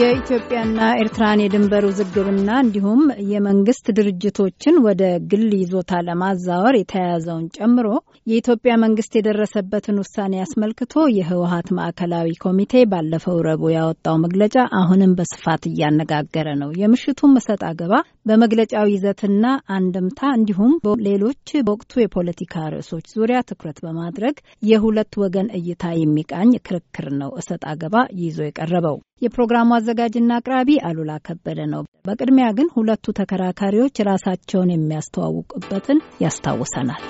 የኢትዮጵያና ኤርትራን የድንበር ውዝግብና እንዲሁም የመንግስት ድርጅቶችን ወደ ግል ይዞታ ለማዛወር የተያያዘውን ጨምሮ የኢትዮጵያ መንግስት የደረሰበትን ውሳኔ አስመልክቶ የህወሀት ማዕከላዊ ኮሚቴ ባለፈው ረቡዕ ያወጣው መግለጫ አሁንም በስፋት እያነጋገረ ነው። የምሽቱም እሰጥ አገባ በመግለጫው ይዘትና አንድምታ እንዲሁም ሌሎች በወቅቱ የፖለቲካ ርዕሶች ዙሪያ ትኩረት በማድረግ የሁለት ወገን እይታ የሚቃኝ ክርክር ነው። እሰጥ አገባ ይዞ የቀረበው የፕሮግራሙ አዘጋጅና አቅራቢ አሉላ ከበደ ነው። በቅድሚያ ግን ሁለቱ ተከራካሪዎች ራሳቸውን የሚያስተዋውቁበትን ያስታውሰናል።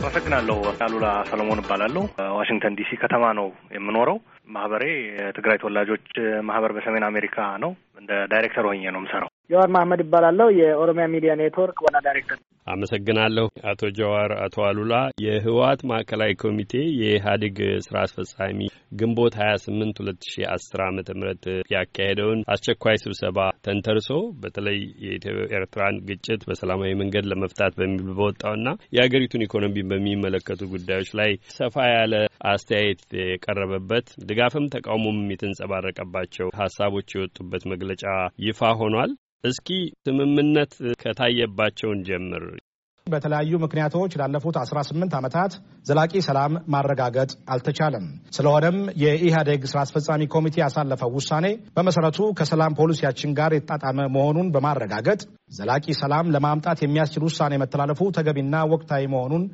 አመሰግናለሁ። አሉላ ሰለሞን እባላለሁ። ዋሽንግተን ዲሲ ከተማ ነው የምኖረው። ማህበሬ የትግራይ ተወላጆች ማህበር በሰሜን አሜሪካ ነው። እንደ ዳይሬክተር ሆኜ ነው የምሰራው። ጀዋር መሀመድ እባላለሁ። የኦሮሚያ ሚዲያ ኔትወርክ ዋና ዳይሬክተር አመሰግናለሁ አቶ ጀዋር። አቶ አሉላ የህወሓት ማዕከላዊ ኮሚቴ የኢህአዴግ ስራ አስፈጻሚ ግንቦት 28 2010 ዓ ም ያካሄደውን አስቸኳይ ስብሰባ ተንተርሶ በተለይ የኢትዮ ኤርትራን ግጭት በሰላማዊ መንገድ ለመፍታት በሚል በወጣውና የአገሪቱን ኢኮኖሚ በሚመለከቱ ጉዳዮች ላይ ሰፋ ያለ አስተያየት የቀረበበት ድጋፍም ተቃውሞም የተንጸባረቀባቸው ሀሳቦች የወጡበት መግለጫ ይፋ ሆኗል። እስኪ ስምምነት ከታየባቸውን ጀምር በተለያዩ ምክንያቶች ላለፉት 18 ዓመታት ዘላቂ ሰላም ማረጋገጥ አልተቻለም። ስለሆነም የኢህአዴግ ስራ አስፈጻሚ ኮሚቴ ያሳለፈው ውሳኔ በመሰረቱ ከሰላም ፖሊሲያችን ጋር የተጣጣመ መሆኑን በማረጋገጥ ዘላቂ ሰላም ለማምጣት የሚያስችል ውሳኔ መተላለፉ ተገቢና ወቅታዊ መሆኑን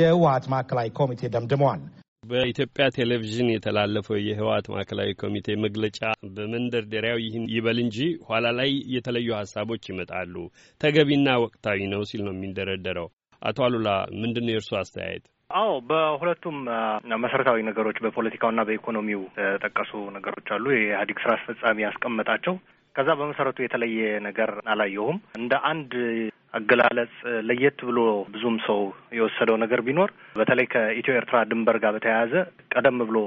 የህወሀት ማዕከላዊ ኮሚቴ ደምድመዋል። በኢትዮጵያ ቴሌቪዥን የተላለፈው የህወሓት ማዕከላዊ ኮሚቴ መግለጫ በመንደርደሪያው ይህን ይበል እንጂ ኋላ ላይ የተለዩ ሀሳቦች ይመጣሉ፣ ተገቢና ወቅታዊ ነው ሲል ነው የሚንደረደረው። አቶ አሉላ ምንድን ነው የእርሱ አስተያየት? አዎ በሁለቱም መሰረታዊ ነገሮች በፖለቲካውና በኢኮኖሚው ተጠቀሱ ነገሮች አሉ። የኢህአዴግ ስራ አስፈጻሚ ያስቀመጣቸው ከዛ በመሰረቱ የተለየ ነገር አላየሁም። እንደ አንድ አገላለጽ ለየት ብሎ ብዙም ሰው የወሰደው ነገር ቢኖር በተለይ ከኢትዮ ኤርትራ ድንበር ጋር በተያያዘ ቀደም ብሎ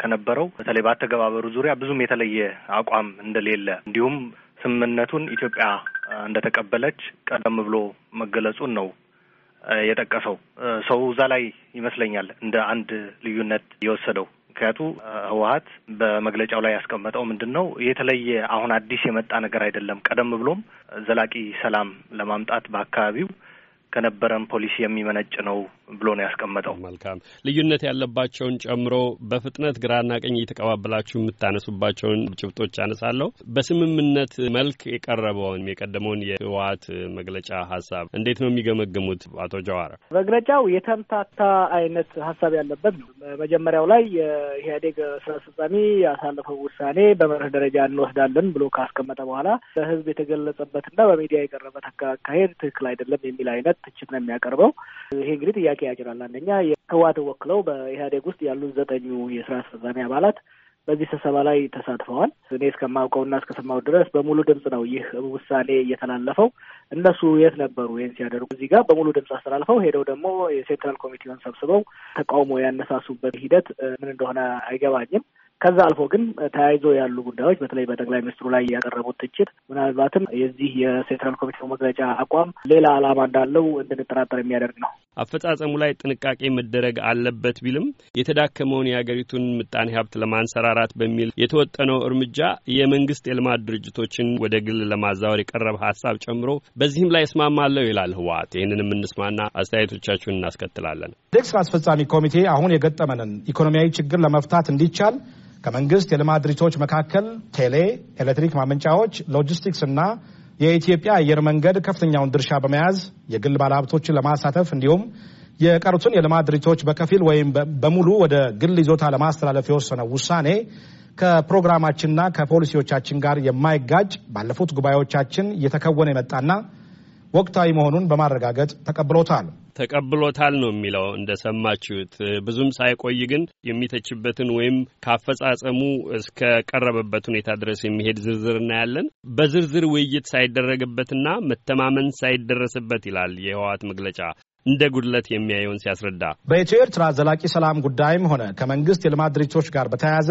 ከነበረው በተለይ በአተገባበሩ ዙሪያ ብዙም የተለየ አቋም እንደሌለ እንዲሁም ስምምነቱን ኢትዮጵያ እንደተቀበለች ቀደም ብሎ መገለጹን ነው የጠቀሰው። ሰው እዛ ላይ ይመስለኛል እንደ አንድ ልዩነት የወሰደው ምክንያቱ ህወሀት በመግለጫው ላይ ያስቀመጠው ምንድን ነው የተለየ አሁን አዲስ የመጣ ነገር አይደለም። ቀደም ብሎም ዘላቂ ሰላም ለማምጣት በአካባቢው ከነበረን ፖሊሲ የሚመነጭ ነው ብሎ ነው ያስቀመጠው። መልካም ልዩነት ያለባቸውን ጨምሮ በፍጥነት ግራና ቀኝ እየተቀባበላችሁ የምታነሱባቸውን ጭብጦች አነሳለሁ። በስምምነት መልክ የቀረበውን የቀደመውን የህወሓት መግለጫ ሀሳብ እንዴት ነው የሚገመግሙት? አቶ ጀዋር መግለጫው የተምታታ አይነት ሀሳብ ያለበት ነው። መጀመሪያው ላይ የኢህአዴግ ስራ አስፈጻሚ ያሳለፈው ውሳኔ በመርህ ደረጃ እንወስዳለን ብሎ ካስቀመጠ በኋላ በህዝብ የተገለጸበትና በሚዲያ የቀረበት አካሄድ ትክክል አይደለም የሚል አይነት ትችት ነው የሚያቀርበው። ይሄ እንግዲህ ጥያቄ ያጭራል። አንደኛ ህወሓት ወክለው በኢህአዴግ ውስጥ ያሉት ዘጠኙ የስራ አስፈጻሚ አባላት በዚህ ስብሰባ ላይ ተሳትፈዋል። እኔ እና እስከሰማው ድረስ በሙሉ ድምፅ ነው ይህ ውሳኔ እየተላለፈው። እነሱ የት ነበሩ ይህን ሲያደርጉ? እዚህ ጋር በሙሉ ድምፅ አስተላልፈው ሄደው ደግሞ የሴንትራል ኮሚቴውን ሰብስበው ተቃውሞ ያነሳሱበት ሂደት ምን እንደሆነ አይገባኝም። ከዛ አልፎ ግን ተያይዞ ያሉ ጉዳዮች በተለይ በጠቅላይ ሚኒስትሩ ላይ ያቀረቡት ትችት ምናልባትም የዚህ የሴንትራል ኮሚቴው መግለጫ አቋም ሌላ ዓላማ እንዳለው እንድንጠራጠር የሚያደርግ ነው። አፈጻጸሙ ላይ ጥንቃቄ መደረግ አለበት ቢልም የተዳከመውን የሀገሪቱን ምጣኔ ሀብት ለማንሰራራት በሚል የተወጠነው እርምጃ የመንግስት የልማት ድርጅቶችን ወደ ግል ለማዛወር የቀረበ ሀሳብ ጨምሮ በዚህም ላይ እስማማለሁ ይላል ህወሓት። ይህንንም እንስማና አስተያየቶቻችሁን እናስከትላለን። ስራ አስፈጻሚ ኮሚቴ አሁን የገጠመንን ኢኮኖሚያዊ ችግር ለመፍታት እንዲቻል ከመንግስት የልማት ድርጅቶች መካከል ቴሌ፣ ኤሌክትሪክ ማመንጫዎች፣ ሎጂስቲክስ እና የኢትዮጵያ አየር መንገድ ከፍተኛውን ድርሻ በመያዝ የግል ባለሀብቶችን ለማሳተፍ እንዲሁም የቀሩትን የልማት ድርጅቶች በከፊል ወይም በሙሉ ወደ ግል ይዞታ ለማስተላለፍ የወሰነው ውሳኔ ከፕሮግራማችንና ከፖሊሲዎቻችን ጋር የማይጋጭ ባለፉት ጉባኤዎቻችን እየተከወነ የመጣና ወቅታዊ መሆኑን በማረጋገጥ ተቀብሎታል። ተቀብሎታል ነው የሚለው እንደሰማችሁት። ብዙም ሳይቆይ ግን የሚተችበትን ወይም ካፈጻጸሙ እስከ ቀረበበት ሁኔታ ድረስ የሚሄድ ዝርዝር እናያለን። በዝርዝር ውይይት ሳይደረግበትና መተማመን ሳይደረስበት ይላል የህወሓት መግለጫ እንደ ጉድለት የሚያየውን ሲያስረዳ በኢትዮ ኤርትራ ዘላቂ ሰላም ጉዳይም ሆነ ከመንግስት የልማት ድርጅቶች ጋር በተያያዘ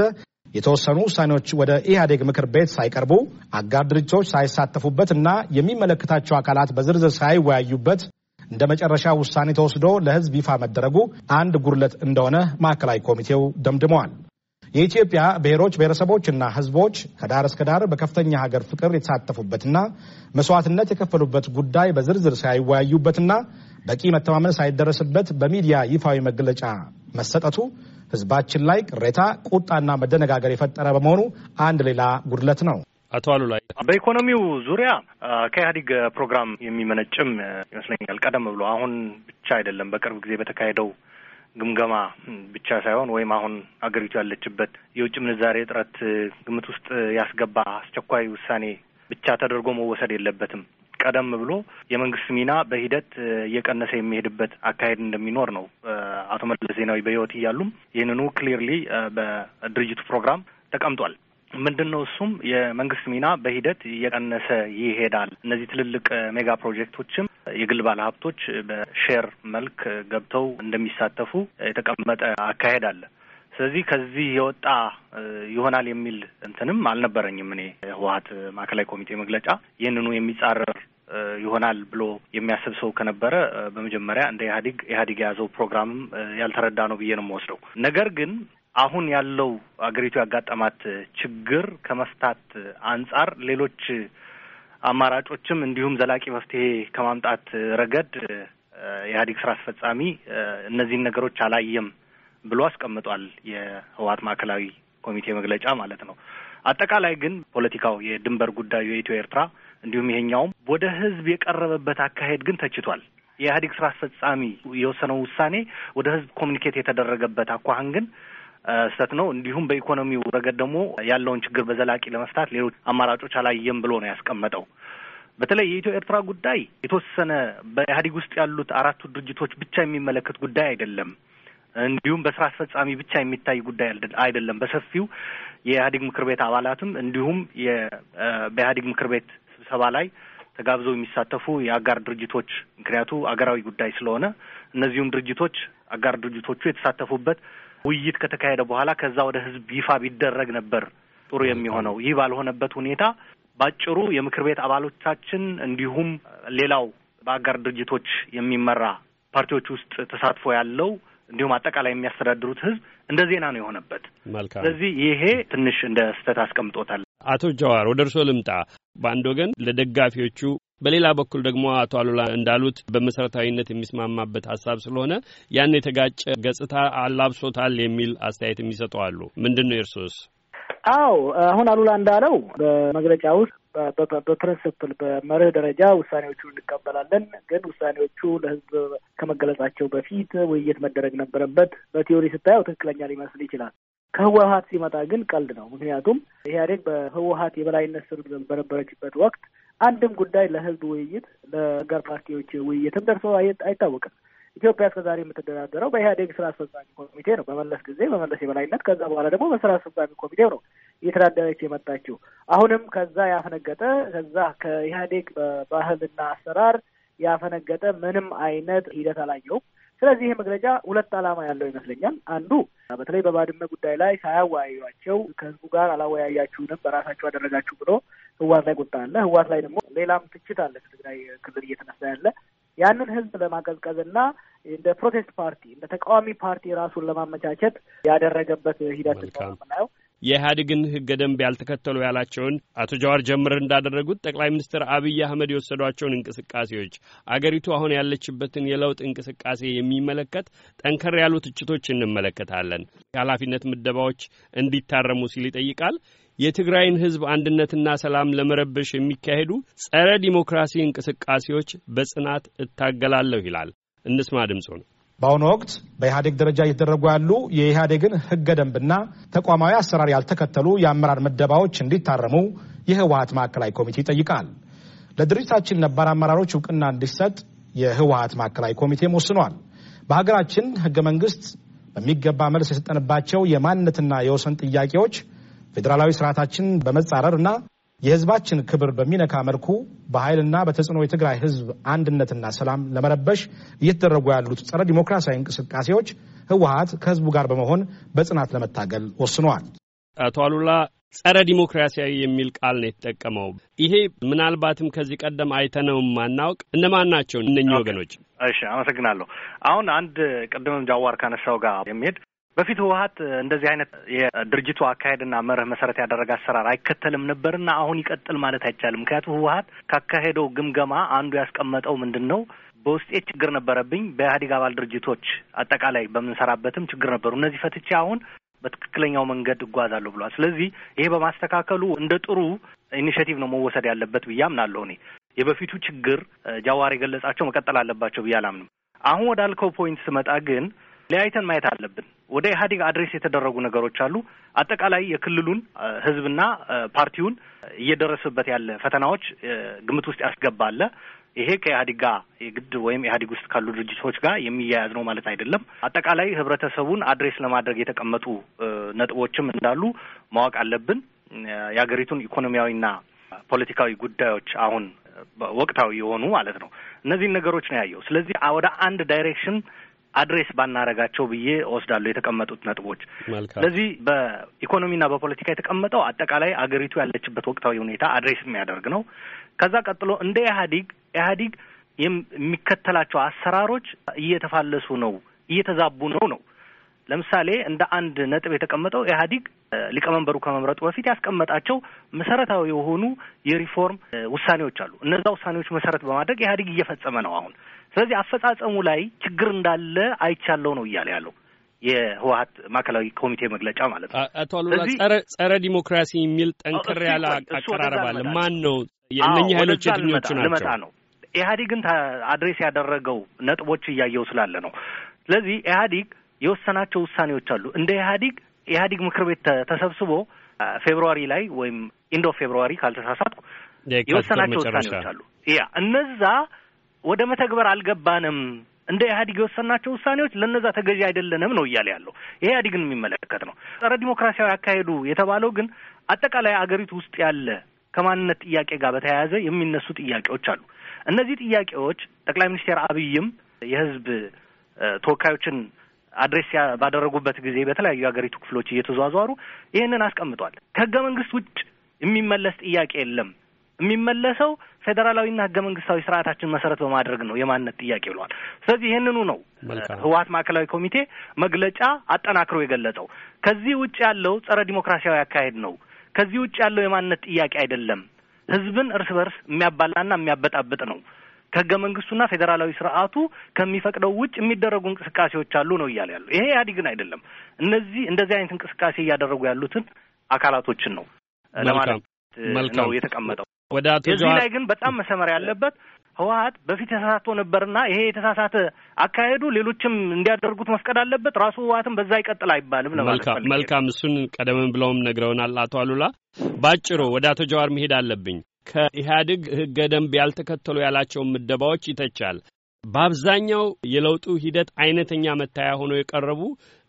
የተወሰኑ ውሳኔዎች ወደ ኢህአዴግ ምክር ቤት ሳይቀርቡ አጋር ድርጅቶች ሳይሳተፉበት እና የሚመለከታቸው አካላት በዝርዝር ሳይወያዩበት እንደ መጨረሻ ውሳኔ ተወስዶ ለሕዝብ ይፋ መደረጉ አንድ ጉድለት እንደሆነ ማዕከላዊ ኮሚቴው ደምድመዋል። የኢትዮጵያ ብሔሮች ብሔረሰቦችና ሕዝቦች ከዳር እስከ ዳር በከፍተኛ ሀገር ፍቅር የተሳተፉበትና መስዋዕትነት የከፈሉበት ጉዳይ በዝርዝር ሳይወያዩበትና በቂ መተማመን ሳይደረስበት በሚዲያ ይፋዊ መግለጫ መሰጠቱ ሕዝባችን ላይ ቅሬታ፣ ቁጣና መደነጋገር የፈጠረ በመሆኑ አንድ ሌላ ጉድለት ነው። አቶ አሉላ በኢኮኖሚው ዙሪያ ከኢህአዴግ ፕሮግራም የሚመነጭም ይመስለኛል። ቀደም ብሎ አሁን ብቻ አይደለም፣ በቅርብ ጊዜ በተካሄደው ግምገማ ብቻ ሳይሆን ወይም አሁን አገሪቱ ያለችበት የውጭ ምንዛሬ እጥረት ግምት ውስጥ ያስገባ አስቸኳይ ውሳኔ ብቻ ተደርጎ መወሰድ የለበትም። ቀደም ብሎ የመንግስት ሚና በሂደት እየቀነሰ የሚሄድበት አካሄድ እንደሚኖር ነው አቶ መለስ ዜናዊ በህይወት እያሉም ይህንኑ ክሊርሊ በድርጅቱ ፕሮግራም ተቀምጧል። ምንድን ነው እሱም የመንግስት ሚና በሂደት እየቀነሰ ይሄዳል። እነዚህ ትልልቅ ሜጋ ፕሮጀክቶችም የግል ባለሀብቶች በሼር መልክ ገብተው እንደሚሳተፉ የተቀመጠ አካሄድ አለ። ስለዚህ ከዚህ የወጣ ይሆናል የሚል እንትንም አልነበረኝም። እኔ ህወሀት ማዕከላዊ ኮሚቴ መግለጫ ይህንኑ የሚጻረር ይሆናል ብሎ የሚያስብ ሰው ከነበረ በመጀመሪያ እንደ ኢህአዴግ ኢህአዴግ የያዘው ፕሮግራምም ያልተረዳ ነው ብዬ ነው የምወስደው። ነገር ግን አሁን ያለው አገሪቱ ያጋጠማት ችግር ከመፍታት አንጻር ሌሎች አማራጮችም እንዲሁም ዘላቂ መፍትሄ ከማምጣት ረገድ የኢህአዴግ ስራ አስፈጻሚ እነዚህን ነገሮች አላየም ብሎ አስቀምጧል። የህወሀት ማዕከላዊ ኮሚቴ መግለጫ ማለት ነው። አጠቃላይ ግን ፖለቲካው፣ የድንበር ጉዳዩ የኢትዮ ኤርትራ እንዲሁም ይሄኛውም ወደ ህዝብ የቀረበበት አካሄድ ግን ተችቷል። የኢህአዴግ ስራ አስፈጻሚ የወሰነው ውሳኔ ወደ ህዝብ ኮሚኒኬት የተደረገበት አኳህን ግን ስህተት ነው። እንዲሁም በኢኮኖሚው ረገድ ደግሞ ያለውን ችግር በዘላቂ ለመፍታት ሌሎች አማራጮች አላየም ብሎ ነው ያስቀመጠው። በተለይ የኢትዮ ኤርትራ ጉዳይ የተወሰነ በኢህአዴግ ውስጥ ያሉት አራቱ ድርጅቶች ብቻ የሚመለከት ጉዳይ አይደለም። እንዲሁም በስራ አስፈጻሚ ብቻ የሚታይ ጉዳይ አይደለም። በሰፊው የኢህአዴግ ምክር ቤት አባላትም እንዲሁም በኢህአዴግ ምክር ቤት ስብሰባ ላይ ተጋብዘው የሚሳተፉ የአጋር ድርጅቶች ምክንያቱ አገራዊ ጉዳይ ስለሆነ እነዚሁም ድርጅቶች አጋር ድርጅቶቹ የተሳተፉበት ውይይት ከተካሄደ በኋላ ከዛ ወደ ህዝብ ይፋ ቢደረግ ነበር ጥሩ የሚሆነው። ይህ ባልሆነበት ሁኔታ ባጭሩ የምክር ቤት አባሎቻችን እንዲሁም ሌላው በአጋር ድርጅቶች የሚመራ ፓርቲዎች ውስጥ ተሳትፎ ያለው እንዲሁም አጠቃላይ የሚያስተዳድሩት ህዝብ እንደ ዜና ነው የሆነበት። መልካም። ስለዚህ ይሄ ትንሽ እንደ ስህተት አስቀምጦታል። አቶ ጀዋር ወደ እርስዎ ልምጣ። በአንድ ወገን ለደጋፊዎቹ በሌላ በኩል ደግሞ አቶ አሉላ እንዳሉት በመሰረታዊነት የሚስማማበት ሀሳብ ስለሆነ ያን የተጋጨ ገጽታ አላብሶታል የሚል አስተያየት የሚሰጡ አሉ። ምንድን ነው እርሶስ? አዎ አሁን አሉላ እንዳለው በመግለጫ ውስጥ በፕሪንስፕል በመርህ ደረጃ ውሳኔዎቹ እንቀበላለን፣ ግን ውሳኔዎቹ ለህዝብ ከመገለጻቸው በፊት ውይይት መደረግ ነበረበት። በቲዮሪ ስታየው ትክክለኛ ሊመስል ይችላል። ከህወሀት ሲመጣ ግን ቀልድ ነው። ምክንያቱም ኢህአዴግ በህወሀት የበላይነት ስር በነበረችበት ወቅት አንድም ጉዳይ ለህዝብ ውይይት ለገር ፓርቲዎች ውይይትም ደርሶ አይታወቅም። ኢትዮጵያ ዛሬ የምትደራደረው በኢህአዴግ ስራ አስፈጻሚ ኮሚቴ ነው፣ በመለስ ጊዜ በመለስ የበላይነት፣ ከዛ በኋላ ደግሞ በስራ አስፈጻሚ ኮሚቴው ነው እየተዳደረች የመጣችው። አሁንም ከዛ ያፈነገጠ ከዛ ከኢህአዴግ ባህልና አሰራር ያፈነገጠ ምንም አይነት ሂደት አላየውም። ስለዚህ ይህ መግለጫ ሁለት ዓላማ ያለው ይመስለኛል። አንዱ በተለይ በባድመ ጉዳይ ላይ ሳያወያዩቸው ከህዝቡ ጋር አላወያያችሁንም በራሳችሁ አደረጋችሁ ብሎ ህዋት ላይ ቁጣ አለ። ህዋት ላይ ደግሞ ሌላም ትችት አለ ከትግራይ ክልል እየተነሳ ያለ ያንን ህዝብ ለማቀዝቀዝ እና እንደ ፕሮቴስት ፓርቲ እንደ ተቃዋሚ ፓርቲ ራሱን ለማመቻቸት ያደረገበት ሂደት ነው የምናየው። የኢህአዴግን ህገ ደንብ ያልተከተሉ ያላቸውን አቶ ጀዋር ጀምር እንዳደረጉት ጠቅላይ ሚኒስትር አብይ አህመድ የወሰዷቸውን እንቅስቃሴዎች አገሪቱ አሁን ያለችበትን የለውጥ እንቅስቃሴ የሚመለከት ጠንከር ያሉ ትችቶች እንመለከታለን። የኃላፊነት ምደባዎች እንዲታረሙ ሲል ይጠይቃል። የትግራይን ህዝብ አንድነትና ሰላም ለመረበሽ የሚካሄዱ ጸረ ዲሞክራሲ እንቅስቃሴዎች በጽናት እታገላለሁ ይላል። እንስማ ድምፁ ነው። በአሁኑ ወቅት በኢህአዴግ ደረጃ እየተደረጉ ያሉ የኢህአዴግን ህገ ደንብና ተቋማዊ አሰራር ያልተከተሉ የአመራር ምደባዎች እንዲታረሙ የህወሀት ማዕከላዊ ኮሚቴ ይጠይቃል። ለድርጅታችን ነባር አመራሮች እውቅና እንዲሰጥ የህወሀት ማዕከላዊ ኮሚቴም ወስኗል። በሀገራችን ህገ መንግስት በሚገባ መልስ የሰጠንባቸው የማንነትና የወሰን ጥያቄዎች ፌዴራላዊ ስርዓታችን በመጻረር እና የህዝባችን ክብር በሚነካ መልኩ በኃይልና በተጽዕኖ የትግራይ ህዝብ አንድነትና ሰላም ለመረበሽ እየተደረጉ ያሉት ጸረ ዲሞክራሲያዊ እንቅስቃሴዎች ህወሀት ከህዝቡ ጋር በመሆን በጽናት ለመታገል ወስነዋል። አቶ አሉላ ጸረ ዲሞክራሲያዊ የሚል ቃል ነው የተጠቀመው። ይሄ ምናልባትም ከዚህ ቀደም አይተነውም ማናውቅ እነማን ናቸው እነኚህ ወገኖች? እሺ አመሰግናለሁ። አሁን አንድ ቅድምም ጃዋር ካነሳው ጋር የሚሄድ በፊት ህወሀት እንደዚህ አይነት የድርጅቱ አካሄድና መርህ መሰረት ያደረገ አሰራር አይከተልም ነበርና አሁን ይቀጥል ማለት አይቻልም። ምክንያቱም ህወሀት ካካሄደው ግምገማ አንዱ ያስቀመጠው ምንድን ነው? በውስጤ ችግር ነበረብኝ። በኢህአዴግ አባል ድርጅቶች አጠቃላይ በምንሰራበትም ችግር ነበሩ። እነዚህ ፈትቼ አሁን በትክክለኛው መንገድ እጓዛለሁ ብሏል። ስለዚህ ይሄ በማስተካከሉ እንደ ጥሩ ኢኒሽቲቭ ነው መወሰድ ያለበት ብዬ አምናለሁ። እኔ የበፊቱ ችግር ጃዋር የገለጻቸው መቀጠል አለባቸው ብዬ አላምንም። አሁን ወዳልከው ፖይንት ስመጣ ግን ሊያይተን ማየት አለብን። ወደ ኢህአዴግ አድሬስ የተደረጉ ነገሮች አሉ። አጠቃላይ የክልሉን ህዝብና ፓርቲውን እየደረሰበት ያለ ፈተናዎች ግምት ውስጥ ያስገባ ይሄ ከኢህአዴግ ጋር የግድ ወይም ኢህአዴግ ውስጥ ካሉ ድርጅቶች ጋር የሚያያዝ ነው ማለት አይደለም። አጠቃላይ ህብረተሰቡን አድሬስ ለማድረግ የተቀመጡ ነጥቦችም እንዳሉ ማወቅ አለብን። የሀገሪቱን ኢኮኖሚያዊና ፖለቲካዊ ጉዳዮች አሁን ወቅታዊ የሆኑ ማለት ነው። እነዚህን ነገሮች ነው ያየው። ስለዚህ ወደ አንድ ዳይሬክሽን አድሬስ ባናረጋቸው ብዬ ወስዳሉ የተቀመጡት ነጥቦች። ስለዚህ በኢኮኖሚና በፖለቲካ የተቀመጠው አጠቃላይ አገሪቱ ያለችበት ወቅታዊ ሁኔታ አድሬስ የሚያደርግ ነው። ከዛ ቀጥሎ እንደ ኢህአዲግ ኢህአዲግ የሚከተላቸው አሰራሮች እየተፋለሱ ነው፣ እየተዛቡ ነው ነው ለምሳሌ እንደ አንድ ነጥብ የተቀመጠው ኢህአዲግ ሊቀመንበሩ ከመምረጡ በፊት ያስቀመጣቸው መሰረታዊ የሆኑ የሪፎርም ውሳኔዎች አሉ። እነዛ ውሳኔዎች መሰረት በማድረግ ኢህአዲግ እየፈጸመ ነው። አሁን ስለዚህ አፈጻጸሙ ላይ ችግር እንዳለ አይቻለው ነው እያለ ያለው የህወሀት ማዕከላዊ ኮሚቴ መግለጫ ማለት ነው። አቶ አሉላ ጸረ ጸረ ዲሞክራሲ የሚል ጠንከር ያለ አቀራረብ አለ። ማን ነው የእነኚህ ኃይሎች የትኞቹ ናቸው ነው? ኢህአዲግን አድሬስ ያደረገው ነጥቦች እያየው ስላለ ነው። ስለዚህ ኢህአዲግ የወሰናቸው ውሳኔዎች አሉ። እንደ ኢህአዲግ ኢህአዲግ ምክር ቤት ተሰብስቦ ፌብሩዋሪ ላይ ወይም ኢንዶ ፌብሩዋሪ ካልተሳሳትኩ የወሰናቸው ውሳኔዎች አሉ። ያ እነዛ ወደ መተግበር አልገባንም እንደ ኢህአዲግ የወሰናቸው ውሳኔዎች ለነዛ ተገዢ አይደለንም ነው እያለ ያለው። ይሄ ኢህአዲግን የሚመለከት ነው። ጸረ ዲሞክራሲያዊ አካሄዱ የተባለው ግን አጠቃላይ አገሪቱ ውስጥ ያለ ከማንነት ጥያቄ ጋር በተያያዘ የሚነሱ ጥያቄዎች አሉ። እነዚህ ጥያቄዎች ጠቅላይ ሚኒስትር አብይም የህዝብ ተወካዮችን አድሬስ ባደረጉበት ጊዜ በተለያዩ የአገሪቱ ክፍሎች እየተዟዟሩ ይህንን አስቀምጧል። ከህገ መንግስት ውጭ የሚመለስ ጥያቄ የለም የሚመለሰው ፌዴራላዊና ህገ መንግስታዊ ስርዓታችን መሰረት በማድረግ ነው የማንነት ጥያቄ ብለዋል። ስለዚህ ይህንኑ ነው ህወሀት ማዕከላዊ ኮሚቴ መግለጫ አጠናክሮ የገለጸው። ከዚህ ውጭ ያለው ጸረ ዲሞክራሲያዊ አካሄድ ነው። ከዚህ ውጭ ያለው የማንነት ጥያቄ አይደለም። ህዝብን እርስ በርስ የሚያባላና የሚያበጣብጥ ነው። ከህገ መንግስቱና ፌዴራላዊ ስርዓቱ ከሚፈቅደው ውጭ የሚደረጉ እንቅስቃሴዎች አሉ ነው እያለ ያሉ ይሄ ኢህአዴግን አይደለም። እነዚህ እንደዚህ አይነት እንቅስቃሴ እያደረጉ ያሉትን አካላቶችን ነው ለማለት ነው የተቀመጠው። ወደ አቶ ላይ ግን በጣም መሰመር ያለበት ህወሀት በፊት የተሳሳቶ ነበርና ይሄ የተሳሳተ አካሄዱ ሌሎችም እንዲያደርጉት መፍቀድ አለበት። ራሱ ህወሀትም በዛ ይቀጥል አይባልም ለማለት መልካም። እሱን ቀደምን ብለውም ነግረውናል አቶ አሉላ። ባጭሩ ወደ አቶ ጀዋር መሄድ አለብኝ። ከኢህአዴግ ህገ ደንብ ያልተከተሉ ያላቸውን ምደባዎች ይተቻል። በአብዛኛው የለውጡ ሂደት አይነተኛ መታያ ሆኖ የቀረቡ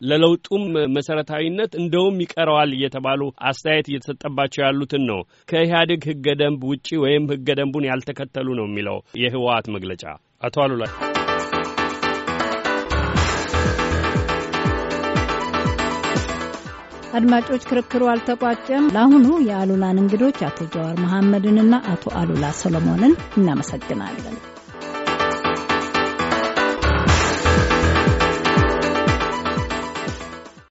ለለውጡም መሰረታዊነት እንደውም ይቀረዋል እየተባሉ አስተያየት እየተሰጠባቸው ያሉትን ነው። ከኢህአዴግ ህገ ደንብ ውጪ ወይም ህገ ደንቡን ያልተከተሉ ነው የሚለው የህወሓት መግለጫ። አቶ አሉላ አድማጮች፣ ክርክሩ አልተቋጨም። ለአሁኑ የአሉላን እንግዶች አቶ ጀዋር መሐመድንና አቶ አሉላ ሰሎሞንን እናመሰግናለን።